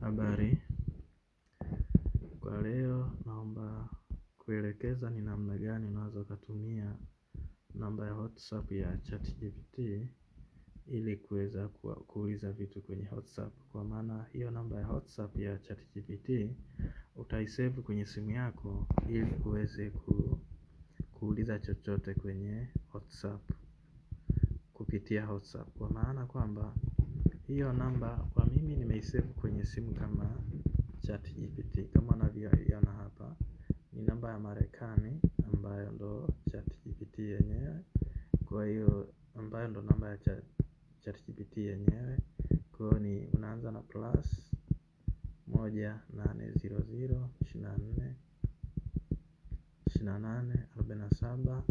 Habari, kwa leo naomba kuelekeza ni namna gani unaweza ukatumia namba ya WhatsApp ya ChatGPT ili kuweza kuuliza vitu kwenye WhatsApp. Kwa maana hiyo namba ya WhatsApp ya ChatGPT utaisave kwenye simu yako ili uweze ku, kuuliza chochote kwenye WhatsApp kupitia WhatsApp kwa maana kwamba hiyo namba kwa mimi nimeisave kwenye simu kama chat GPT kama unavyoiona hapa ni namba ya Marekani ambayo ndo chat GPT yenyewe. Kwa hiyo ambayo ndo namba ya chat, GPT yenyewe. Kwa hiyo ni unaanza na plus moja nane zero zero ishirini na nne ishirini na nane arobaini na saba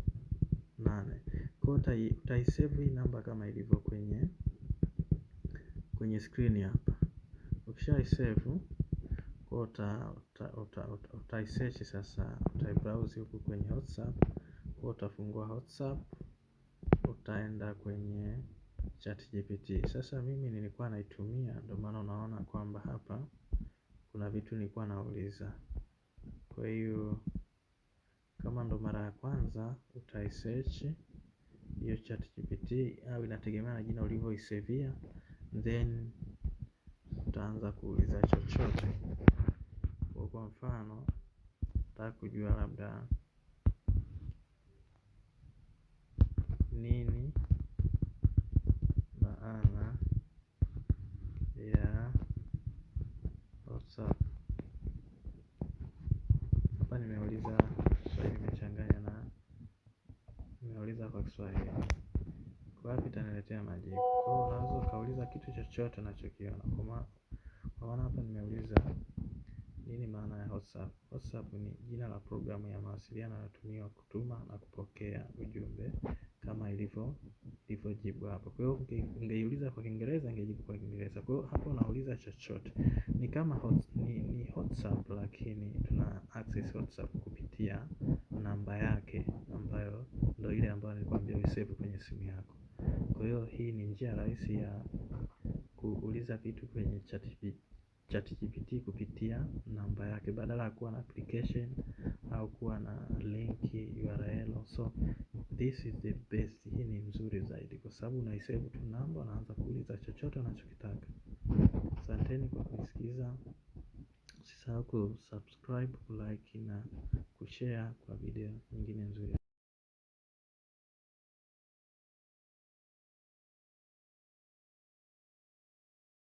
nane. Kwa hiyo utaisave hii namba kama ilivyo kwenye kwenye screen hapa. Ukisha isave kwa utaisearch sasa, browse huku kwenye WhatsApp kwa utafungua WhatsApp, utaenda kwenye ChatGPT. Sasa mimi nilikuwa naitumia, ndio maana unaona kwamba hapa kuna vitu nilikuwa nauliza. Kwa hiyo kama ndo mara ya kwanza utaisearch hiyo ChatGPT, au inategemea na jina ulivyoisevia then utaanza kuuliza chochote. Kwa mfano nataka kujua labda nini maana ya WhatsApp. Hapa nimeuliza swali imechanganya na nimeuliza kwa Kiswahili. Bahati itaniletea majibu. Kwa hiyo unaweza ukauliza kitu chochote unachokiona. Kwa maana hapa nimeuliza nini maana ya WhatsApp. WhatsApp ni jina la programu ya mawasiliano inayotumiwa kutuma na kupokea ujumbe kama ilivyo jibu hapo. Kwa hiyo ungeiuliza kwa Kiingereza ingejibu kwa Kiingereza. Kwa hiyo hapo unauliza chochote. Ni kama hot, ni ni WhatsApp lakini tuna access WhatsApp kupitia namba yake ambayo ndio ile ambayo nilikwambia uisave kwenye simu yako. Kwa hiyo hii ni njia rahisi ya kuuliza vitu kwenye ChatGPT kupitia namba yake badala ya kuwa na application au kuwa na link URL. So this is the best, hii ni mzuri zaidi kwa sababu unaisave tu namba unaanza kuuliza chochote unachokitaka. Asanteni kwa kunisikiza. Usisahau kusubscribe, kulike na kushare kwa video nyingine nzuri.